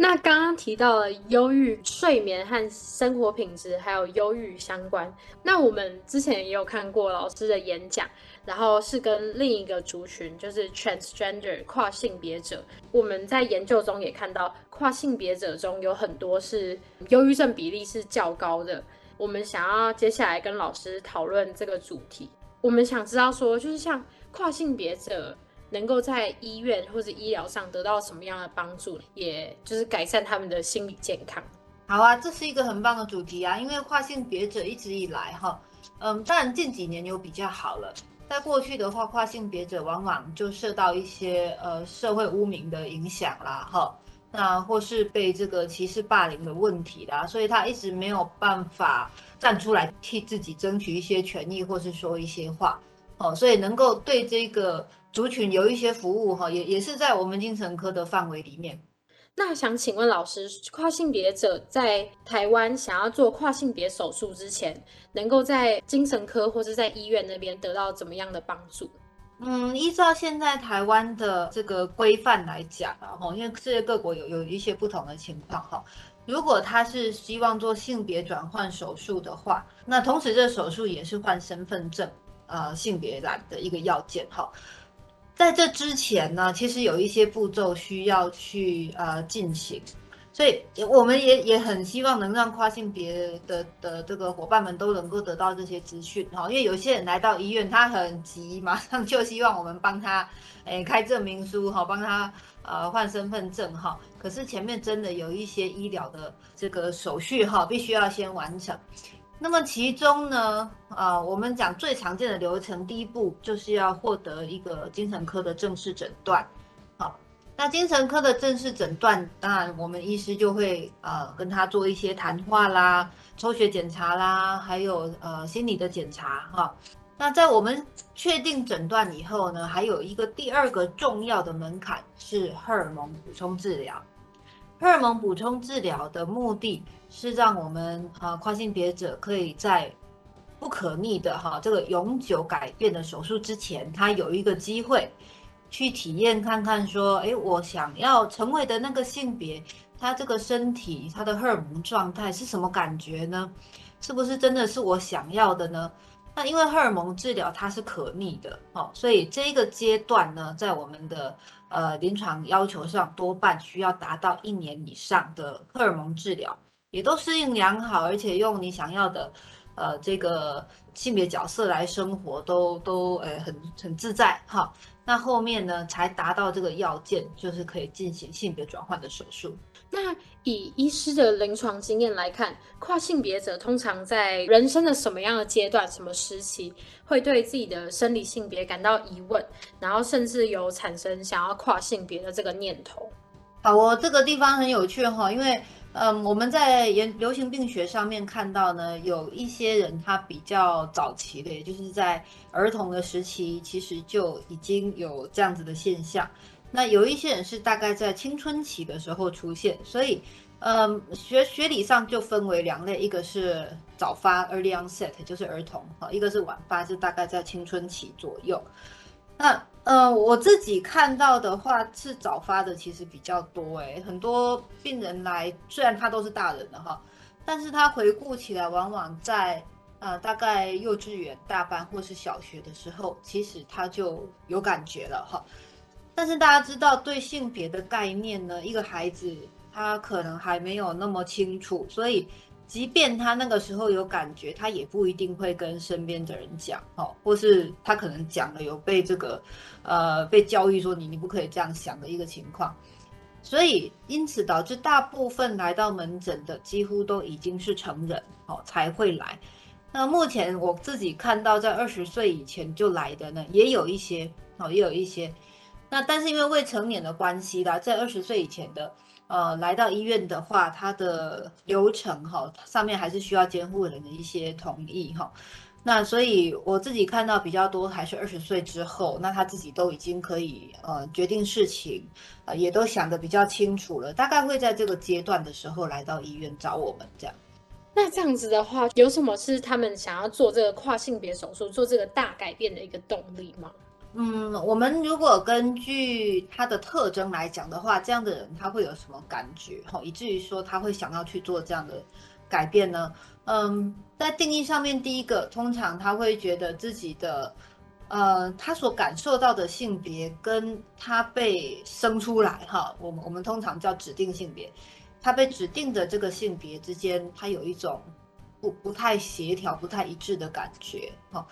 那剛剛提到了憂鬱、睡眠和生活品質，還有憂鬱相關。那我們之前也有看過老師的演講，然後是跟另一個族群，就是 transgender 跨性別者。我們在研究中也看到，跨性別者中有很多是憂鬱症比例是較高的。我們想要接下來跟老師討論這個主題，我們想知道說，就是像跨性別者。能夠在醫院或者醫療上得到什麼樣的幫助，也就是改善他們的心理健康。好啊，這是一個很棒的主題啊，因為跨性別者一直以來哈、哦，嗯，當然近幾年有比較好了。在過去的話，跨性別者往往就受到一些呃社會污名的影響啦，哈、哦，那或是被這個歧視霸凌的問題啦，所以他一直沒有辦法站出來替自己爭取一些權益，或是說一些話。哦，所以能夠對這個族群有一些服務哈，也也是在我們精神科的範圍裡面。那想請問老師，跨性別者在台灣想要做跨性別手術之前，能夠在精神科或者在醫院那邊得到怎麼樣的幫助？嗯，依照現在台灣的這個規範來講啊，哈，因為世界各國有有一些不同的情況哈。如果他是希望做性別轉換手術的話，那同時這個手術也是換身份證。呃，性別欄的一個要件哈，在這之前呢，其實有一些步驟需要去呃進行，所以我們也也很希望能讓跨性別的的這個夥伴們都能夠得到這些資訊哈。因為有些人來到醫院，他很急，馬上就希望我們幫他誒開證明書哈，幫他呃換身份證哈，可是前面真的有一些醫療的這個手續哈，必須要先完成。那麼其中呢，呃，我們講最常見的流程，第一步就是要獲得一個精神科的正式診斷，好、哦，那精神科的正式診斷，當然我們醫師就會呃跟他做一些談話啦，抽血檢查啦，還有呃心理的檢查哈、哦。那在我們確定診斷以後呢，還有一個第二個重要的門檻是荷爾蒙補充治療。荷爾蒙補充治療的目的是讓我們啊跨性別者可以在不可逆的哈這個永久改變的手術之前，他有一個機會去體驗看看說，哎，我想要成為的那個性別，他這個身體，他的荷爾蒙狀態是什麼感覺呢？是不是真的是我想要的呢？那因為荷爾蒙治療它是可逆的，哦，所以這個階段呢，在我們的呃臨床要求上，多半需要達到一年以上的荷爾蒙治療，也都適應良好，而且用你想要的呃這個性別角色來生活都，都都呃很很自在，哈，那後面呢才達到這個要件，就是可以進行性別轉換的手術。那以醫師的臨床經驗來看，跨性別者通常在人生的什麼樣的階段、什麼時期，會對自己的生理性別感到疑問，然後甚至有產生想要跨性別的這個念頭。好，我這個地方很有趣哈，因為嗯，我們在研流行病學上面看到呢，有一些人他比較早期的，也就是在兒童的時期，其實就已經有這樣子的現象。那有一些人是大概在青春期的時候出現，所以，呃、嗯，學學理上就分為兩類，一個是早發 （early onset），就是兒童哈，一個是晚發，是大概在青春期左右。那，呃、嗯，我自己看到的話是早發的其實比較多誒、欸，很多病人來，雖然他都是大人的哈，但是他回顧起來，往往在呃，大概幼稚園大班或是小學的時候，其實他就有感覺了哈。但是大家知道對性別的概念呢，一個孩子他可能還沒有那麼清楚，所以即便他那個時候有感覺，他也不一定會跟身邊的人講哦，或是他可能講了有被這個呃被教育說你你不可以這樣想的一個情況，所以因此導致大部分來到門診的幾乎都已經是成人哦才會來。那目前我自己看到在二十歲以前就來的呢，也有一些哦，也有一些。那但是因為未成年的關係啦，在二十歲以前的，呃，來到醫院的話，他的流程哈、喔、上面還是需要監護人的一些同意哈、喔。那所以我自己看到比較多還是二十歲之後，那他自己都已經可以呃決定事情，呃、也都想得比較清楚了，大概會在這個階段的時候來到醫院找我們這樣。那這樣子的話，有什麼是他們想要做這個跨性別手術、做這個大改變的一個動力嗎？嗯，我們如果根據他的特徵來講的話，這樣的人他會有什麼感覺？哈，以至於說他會想要去做這樣的改變呢？嗯，在定義上面，第一個，通常他會覺得自己的，呃，他所感受到的性別跟他被生出來，哈，我們我們通常叫指定性別，他被指定的這個性別之間，他有一種不不太協調、不太一致的感覺，哈。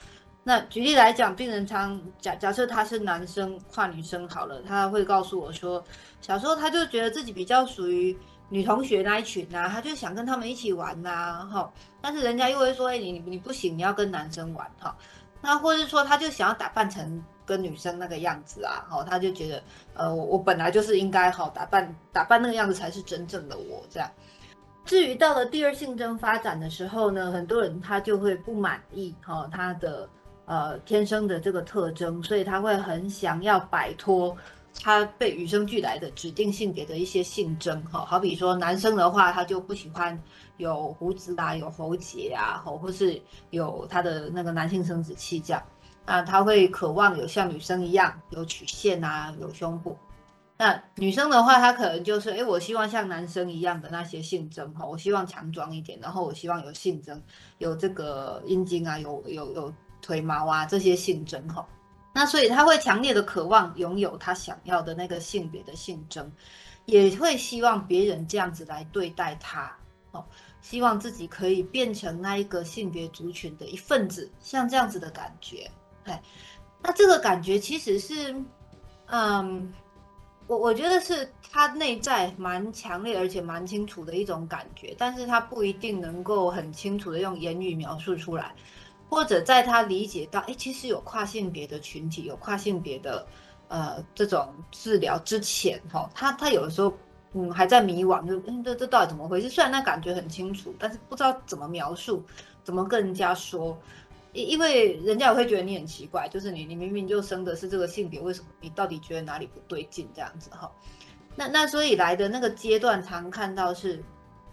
那舉例來講，病人常假假設他是男生跨女生好了，他會告訴我說，小時候他就覺得自己比較屬於女同學那一群吶、啊，他就想跟他們一起玩吶、啊，哈、哦，但是人家又會說，哎、欸，你你不行，你要跟男生玩哈、哦，那或是說他就想要打扮成跟女生那個樣子啊，哈、哦，他就覺得，呃，我本來就是應該好打扮打扮那個樣子才是真正的我這樣。至於到了第二性徵發展的時候呢，很多人他就會不滿意哈，他的呃，天生的這個特徵，所以他會很想要擺脫他被與生俱來的指定性別的一些性徵哈。好比說，男生的話，他就不喜歡有鬍子啊、有喉結啊，或或是有他的那個男性生殖器這樣。那他會渴望有像女生一樣有曲線啊、有胸部。那女生的話，她可能就是哎，我希望像男生一樣的那些性徵哈，我希望強壯一點，然後我希望有性徵，有這個陰莖啊，有有有。有腿毛啊，這些性徵哦，那所以他會強烈的渴望擁有他想要的那個性別的性徵，也會希望別人這樣子來對待他哦，希望自己可以變成那一個性別族群的一份子，像這樣子的感覺。對，那這個感覺其實是，嗯，我我覺得是他內在蠻強烈而且蠻清楚的一種感覺，但是他不一定能夠很清楚的用言語描述出來。或者在他理解到，哎、欸，其實有跨性別的群體，有跨性別的，呃，這種治療之前，哈、哦，他他有的時候，嗯，還在迷惘，就，嗯、這這到底怎麼回事？雖然他感覺很清楚，但是不知道怎麼描述，怎麼跟人家說，因因為人家也會覺得你很奇怪，就是你你明明就生的是這個性別，為什麼你到底覺得哪裡不對勁這樣子，哈、哦，那那所以來的那個階段常看到是。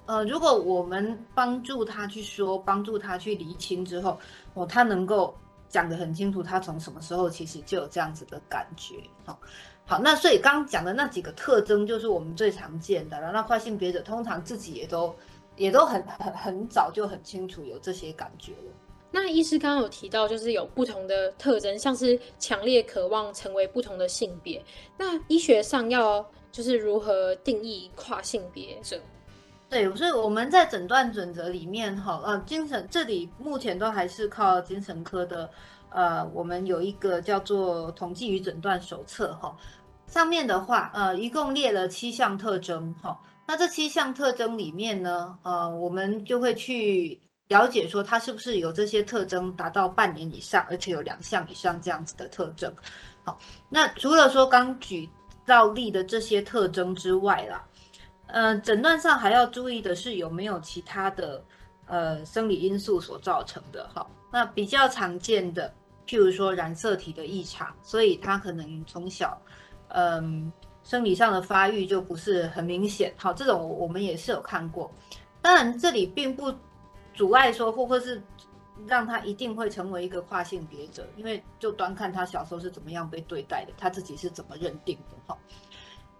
呃，如果我們幫助他去說，幫助他去理清之後，哦，他能夠講得很清楚，他從什麼時候其實就有這樣子的感覺，哈、哦，好，那所以剛剛講的那幾個特徵就是我們最常見的，那跨性別者通常自己也都也都很很很早就很清楚有這些感覺了。那醫師剛剛有提到，就是有不同的特徵，像是強烈渴望成為不同的性別，那醫學上要就是如何定義跨性別者？對，所以我們在診斷準則裡面哈，呃，精神這裡目前都還是靠精神科的，呃，我們有一個叫做《統計與診斷手冊》哈，上面的話，呃，一共列了七項特徵哈、哦，那這七項特徵裡面呢，呃，我們就會去了解說它是不是有這些特徵達到半年以上，而且有兩項以上這樣子的特徵，好、哦，那除了說剛舉到例的這些特徵之外啦。嗯、呃，診斷上還要注意的是有沒有其他的，呃，生理因素所造成的哈。那比較常見的，譬如說染色體的異常，所以他可能從小，嗯、呃，生理上的發育就不是很明顯。好，這種我們也是有看過。當然，這裡並不阻礙說，或或是讓他一定會成為一個跨性別者，因為就端看他小時候是怎麼樣被對待的，他自己是怎麼認定的哈。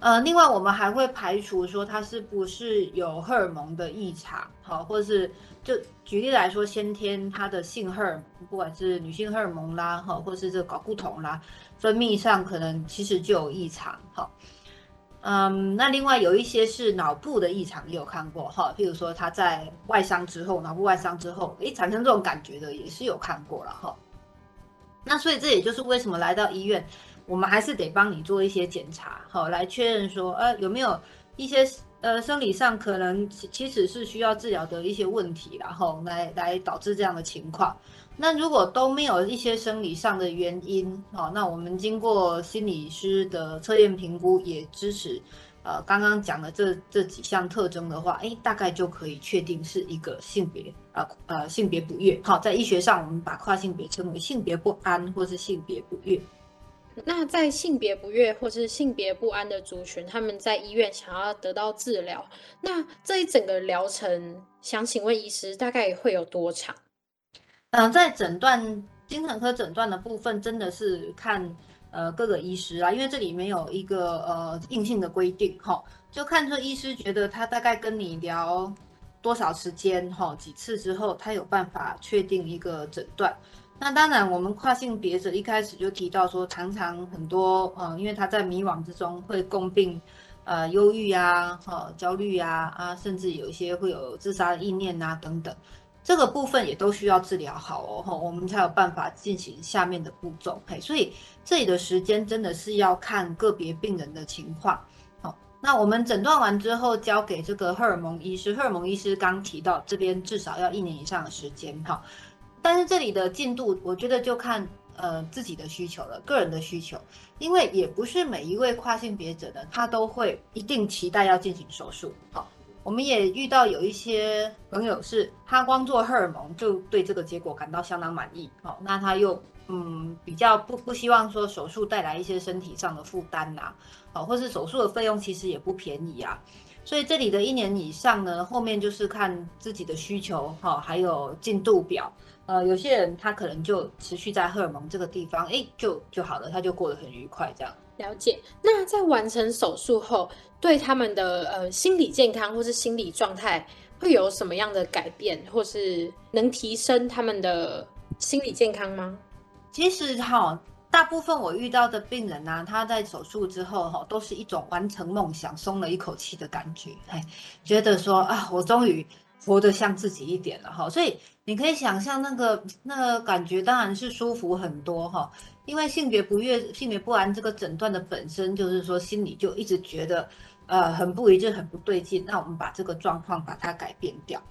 呃，另外我們還會排除說他是不是有荷爾蒙的異常，哈，或是就舉例來說，先天他的性荷爾蒙，不管是女性荷爾蒙啦，哈，或是這個睾固酮啦，分泌上可能其實就有異常，哈，嗯，那另外有一些是腦部的異常也有看過，哈，譬如說他在外傷之後，腦部外傷之後，誒產生這種感覺的也是有看過了，哈，那所以這也就是為什麼來到醫院。我們還是得幫你做一些檢查，好、哦，來確認說，呃，有沒有一些呃生理上可能其、其實是需要治療的一些問題，然、哦、後來來導致這樣的情況。那如果都沒有一些生理上的原因，哦，那我們經過心理師的測驗評估也支持，呃，剛剛講的這這幾項特徵的話，哎，大概就可以確定是一個性別啊呃性別不悅。好、哦，在醫學上，我們把跨性別稱為性別不安或是性別不悅。那在性別不悅或是性別不安的族群，他們在醫院想要得到治療，那這一整個療程，想請問醫師大概會有多長？嗯、啊，在診斷精神科診斷的部分，真的是看呃各個醫師啦。因為這裡沒有一個呃硬性的規定齁，就看這醫師覺得他大概跟你聊多少時間齁，幾次之後，他有辦法確定一個診斷。那當然，我們跨性別者一開始就提到說，常常很多呃，因為他在迷惘之中會共病，呃，憂鬱啊、呃，焦慮啊，啊，甚至有一些會有自殺的意念吶、啊，等等，這個部分也都需要治療好哦，哦，我們才有辦法進行下面的步驟。嘿，所以這裡的時間真的是要看個別病人的情況。好，哦，那我們診斷完之後，交給這個荷爾蒙醫師。荷爾蒙醫師剛提到，這邊至少要一年以上的時間，哈，哦。但是這裡的進度，我覺得就看呃自己的需求了，個人的需求，因為也不是每一位跨性別者呢，他都會一定期待要進行手術。好，我們也遇到有一些朋友是他光做荷爾蒙就對這個結果感到相當滿意。好，那他又嗯比較不不希望說手術帶來一些身體上的負擔吶，好，或是手術的費用其實也不便宜啊。所以這裡的一年以上呢，後面就是看自己的需求。好，還有進度表。呃，有些人他可能就持續在荷爾蒙這個地方，誒、欸，就就好了，他就過得很愉快，這樣。了解。那在完成手術後，對他們的呃心理健康或是心理狀態會有什麼樣的改變，或是能提升他們的心理健康嗎？其實哈、哦，大部分我遇到的病人呢、啊，他在手術之後哈、哦，都是一種完成夢想、鬆了一口氣的感覺，哎，覺得說啊，我終於。活得像自己一點了哈，所以你可以想象那個那個感覺當然是舒服很多哈，因為性別不悅、性別不安這個診斷的本身就是說心裡就一直覺得，呃，很不一致、很不對勁。那我們把這個狀況把它改變掉。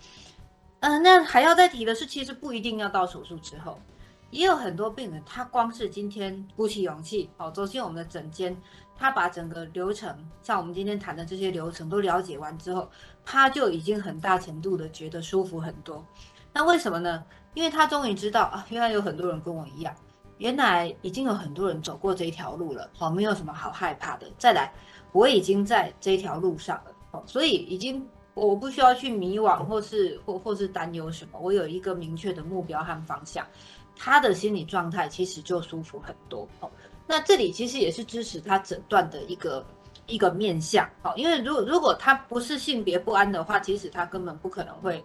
嗯、呃，那還要再提的是，其實不一定要到手術之後。也有很多病人，他光是今天鼓起勇氣，哦，走進我們的診間，他把整個流程，像我們今天談的這些流程都了解完之後，他就已經很大程度的覺得舒服很多。那為什麼呢？因為他終於知道啊，原來有很多人跟我一樣，原來已經有很多人走過這條路了，好、哦，沒有什麼好害怕的。再來，我已經在這條路上了，哦，所以已經我不需要去迷惘或，或是或或是擔憂什麼，我有一個明確的目標和方向。他的心理狀態其實就舒服很多哦。那這裡其實也是支持他診斷的一個一個面向哦。因為如果如果他不是性別不安的話，其實他根本不可能會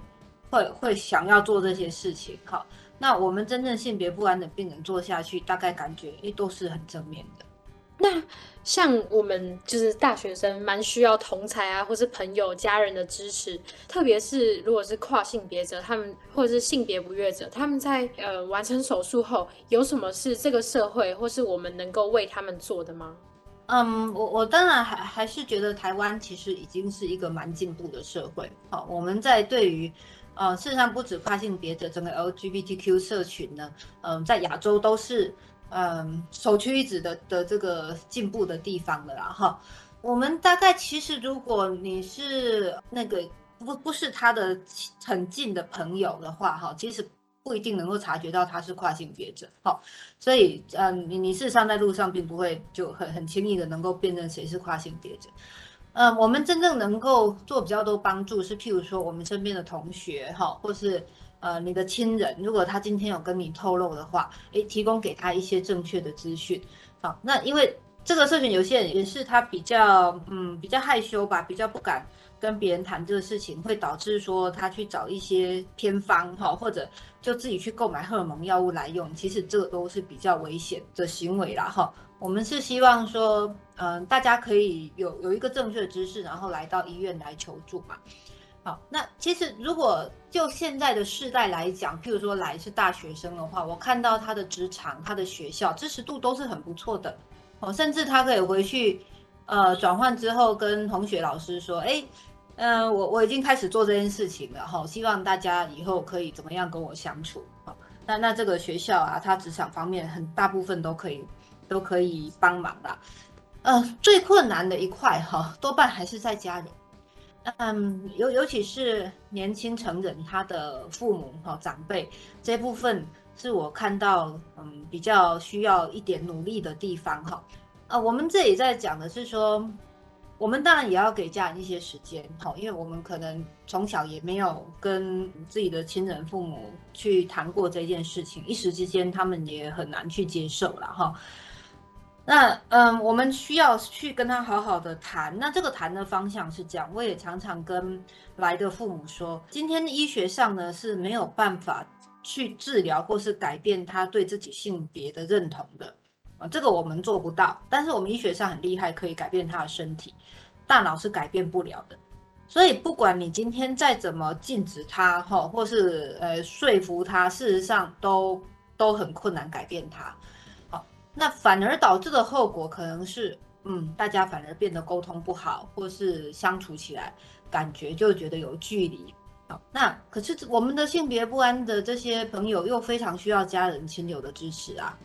會會想要做這些事情。好，那我們真正性別不安的病人做下去，大概感覺誒都是很正面的。像我們就是大學生，蠻需要同儕啊，或是朋友、家人的支持。特別是如果是跨性別者，他們或者是性別不悅者，他們在呃完成手術後，有什麼是這個社會或是我們能夠為他們做的嗎？嗯，我我當然還還是覺得台灣其實已經是一個蠻進步的社會。好、哦，我們在對於呃事實上不止跨性別者，整個 LGBTQ 社群呢，嗯、呃，在亞洲都是。嗯，首屈一指的的這個進步的地方的啦哈，我們大概其實如果你是那個不不是他的很近的朋友的話哈，其實不一定能夠察覺到他是跨性別者哈，所以嗯，你你事實上在路上並不會就很很輕易的能夠辨認誰是跨性別者，嗯，我們真正能夠做比較多幫助是譬如說我們身邊的同學哈，或是。呃，你的親人，如果他今天有跟你透露的話，誒，提供給他一些正確的資訊。好、哦，那因為這個社群有些人也是他比較，嗯，比較害羞吧，比較不敢跟別人談這個事情，會導致說他去找一些偏方哈、哦，或者就自己去購買荷爾蒙藥物來用，其實這個都是比較危險的行為啦。哈、哦。我們是希望說，嗯、呃，大家可以有有一個正確的知識，然後來到醫院來求助嘛。好那其實，如果就現在的世代來講，譬如說來是大學生的話，我看到他的職場、他的學校支持度都是很不錯的，哦，甚至他可以回去，呃，轉換之後跟同學老師說，哎，嗯、呃，我我已經開始做這件事情了，哈、哦，希望大家以後可以怎麼樣跟我相處，哦、那那這個學校啊，他職場方面很大部分都可以都可以幫忙的、呃，最困難的一塊哈、哦，多半還是在家人。嗯，尤尤其是年輕成人，他的父母、哦、長輩這部分是我看到嗯比較需要一點努力的地方哈。呃、哦啊，我們這裡在講的是說，我們當然也要給家人一些時間哈、哦，因為我們可能從小也沒有跟自己的親人父母去談過這件事情，一時之間他們也很難去接受了哈。哦那嗯，我們需要去跟他好好的談。那這個談的方向是這樣，我也常常跟來的父母說，今天醫學上呢是沒有辦法去治療或是改變他對自己性別的認同的，這個我們做不到。但是我們醫學上很厲害，可以改變他的身體，大腦是改變不了的。所以不管你今天再怎麼禁止他吼或是呃說服他，事實上都都很困難改變他。那反而導致的後果可能是，嗯，大家反而變得溝通不好，或是相處起來感覺就覺得有距離。好，那可是我們的性別不安的這些朋友又非常需要家人親友的支持啊。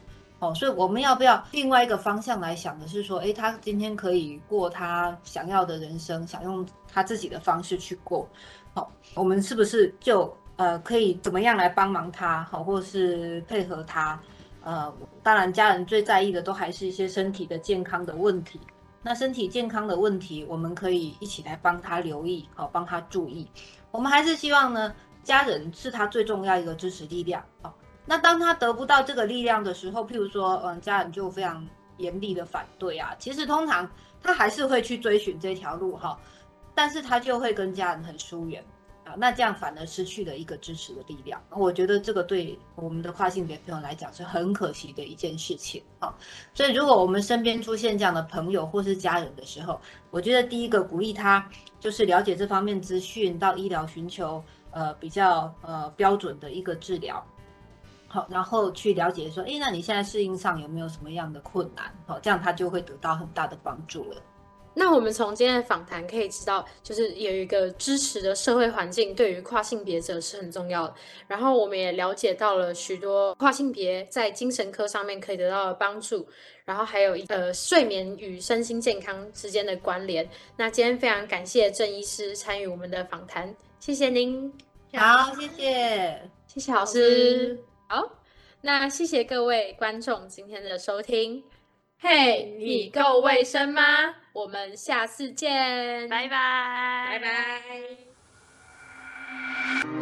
哦，所以我們要不要另外一個方向來想的是說，哎、欸，他今天可以過他想要的人生，想用他自己的方式去過。好，我們是不是就呃可以怎麼樣來幫忙他，好，或是配合他？呃，當然，家人最在意的都還是一些身體的健康的問題。那身體健康的問題，我們可以一起來幫他留意，哦，幫他注意。我們還是希望呢，家人是他最重要一個支持力量，哦。那當他得不到這個力量的時候，譬如說，嗯，家人就非常嚴厲的反對啊。其實，通常他還是會去追尋這條路，哈，但是他就會跟家人很疏遠。啊，那這樣反而失去了一個支持的力量。我覺得這個對我們的跨性別朋友來講是很可惜的一件事情。所以如果我們身邊出現這樣的朋友或是家人的時候，我覺得第一個鼓勵他就是了解這方面資訊，到醫療尋求呃比較呃標準的一個治療。好，然後去了解說，哎、欸，那你現在適應上有沒有什麼樣的困難？好，這樣他就會得到很大的幫助了。那我們從今天的訪談可以知道，就是有一個支持的社會環境對於跨性別者是很重要的。然後我們也了解到了許多跨性別在精神科上面可以得到的幫助，然後還有一個睡眠與身心健康之間的關聯。那今天非常感謝鄭醫師參與我們的訪談，謝謝您。好，謝謝，謝謝老師。好，那謝謝各位觀眾今天的收聽。嘿，你夠衛生嗎？我們下次見，拜拜，拜拜。